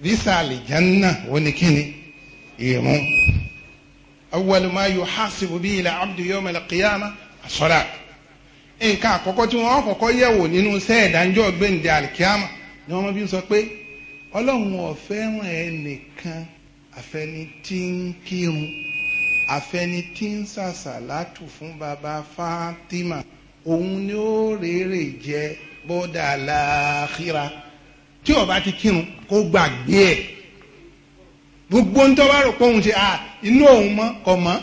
visa alijanna onikini irun awwalu ma yuhasibu bihi la abdu yawma al-qiyamah as-salat nǹkan àkọ́kọ́ tí wọ́n kọ́kọ́ yẹ̀wò nínú iṣẹ́ ìdánjọ́ gbẹ̀ǹdẹ̀ alikiyama ni wọ́n fi sọ pé ọlọ́run ò fẹ́ràn ẹnìkan àfẹni tí ń kírun àfẹni tí fún baba Fatima òun ni ó rèé jẹ bọ́dà láàkírà tí ó bá ti kírun kó gbàgbé ẹ̀ gbogbo ń tọ́wá rò pé òun ṣe inú òun mọ́ kọ̀ mọ́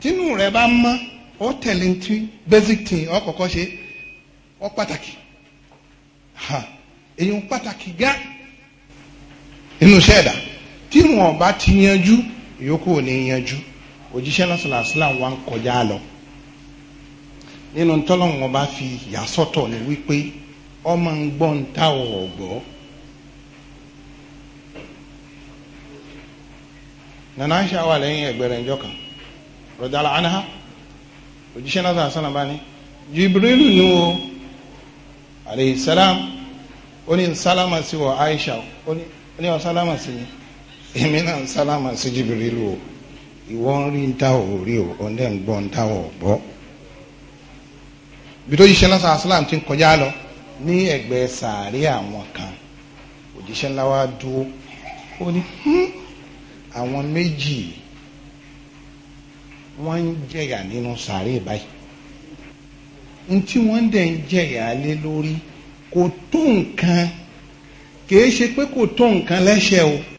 tínú rẹ̀ bá mọ́ ó tẹ̀lé tí basic thing ó kọ́kọ́ ṣe ó pàtàkì èyí ń pàtàkì gá inú iṣẹ́ ẹ̀dá tí wọn bá ti yanjú ìyókù ò ní yanjú òjíṣẹ́ lásìlàsílà wa ń kọjá lọ nínú tọ́lọ́wọ́n bá fi yà sọ́tọ̀ ni wípé ọmọ ń gbọ́ ń ta ọ̀gbọ́. nana Aisha wà lẹ́yìn ẹgbẹ̀rẹ̀ ìjọ kan rọ̀dàlá anaha òjíṣẹ́ náà sàn bá ní Jibril nu o aleyhi salam ó ní sálámà sí wọ Aisha ó ní ni èmi náà sálámà sí Jibril o ìwọ ń rí ta ò rí o ń gbọ́ ń ta bí tó yíṣẹ́ náà ní ẹ̀gbẹ́ sàárè àwọn kan òjíṣẹ́ ńlá wa dúró ó ní àwọn méjì wọ́n ń jẹ̀yà nínú sàárè báyìí n tí wọ́n dẹ̀ ń jẹ̀yà lé lórí kò tó nǹkan kì í ṣe pé kò tó nǹkan lẹ́sẹ̀ o.